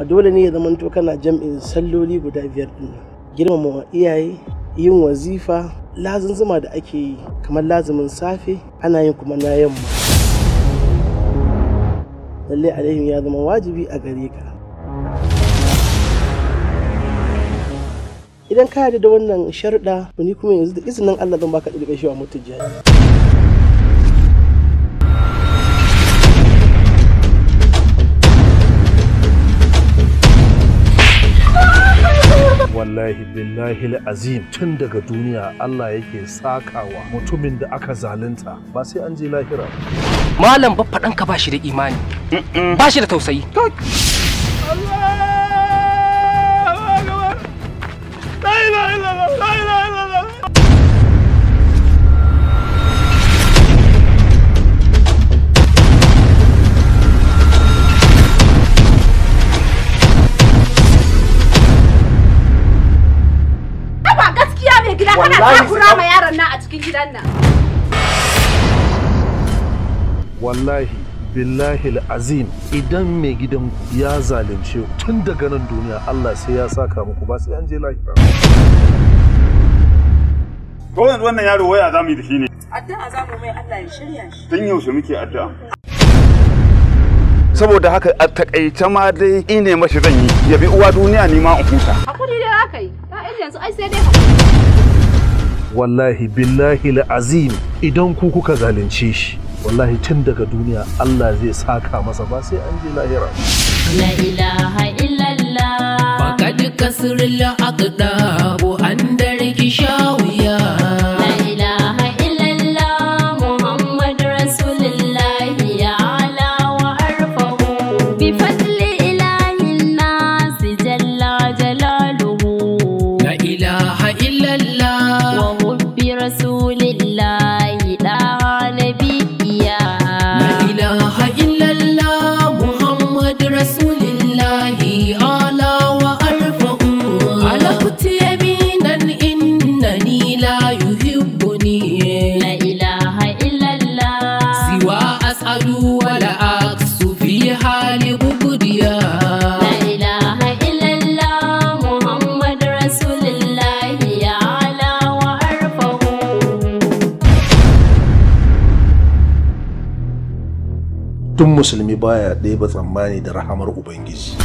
amma dole ne ya zamanto kana jam'in salloli guda biyar din girmama iyaye yin wazifa zuma da ake yi kamar lazimin safe ana yin kuma na yamma lalle alaihim ya zama wajibi a gare ka idan ka yarda da wannan sharuɗa ni kuma yanzu da izinin Allah zan baka shi wa mutum wallahi billahi azim tun daga duniya Allah yake sakawa mutumin da aka zalunta ba sai an je lahira malam ba faɗan ba shi da imani ba shi da tausayi a cikin gidan nan wallahi billahi azim idan mai gidan ya zalunce tun daga nan duniya Allah sai ya saka muku ba sai an je lahira ko wannan yaro waya zamu yi da shi ne addu'a zamu mai Allah ya shirya shi tun yaushe muke addu'a saboda haka a takaice ma dai ine mashi zan yi ya bi uwa duniya ni ma in huta hakuri dai zaka yi ta yanzu ai sai dai wallahi billahi azim idan ku kuka zalunce shi wallahi tun daga duniya Allah zai saka masa ba sai an je lahira la ilaha illallah faqad kasrullah adu wala aksu fi hali gudiya. ya tun musulmi baya ɗaya ba tsammani da rahamar ubangiji